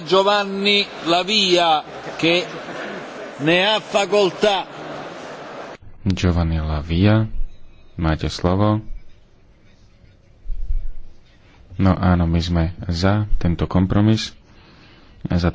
Giovanni Lavia che ne ha facoltà. Giovanni Lavia, máte slovo. No áno, my sme za tento kompromis. Za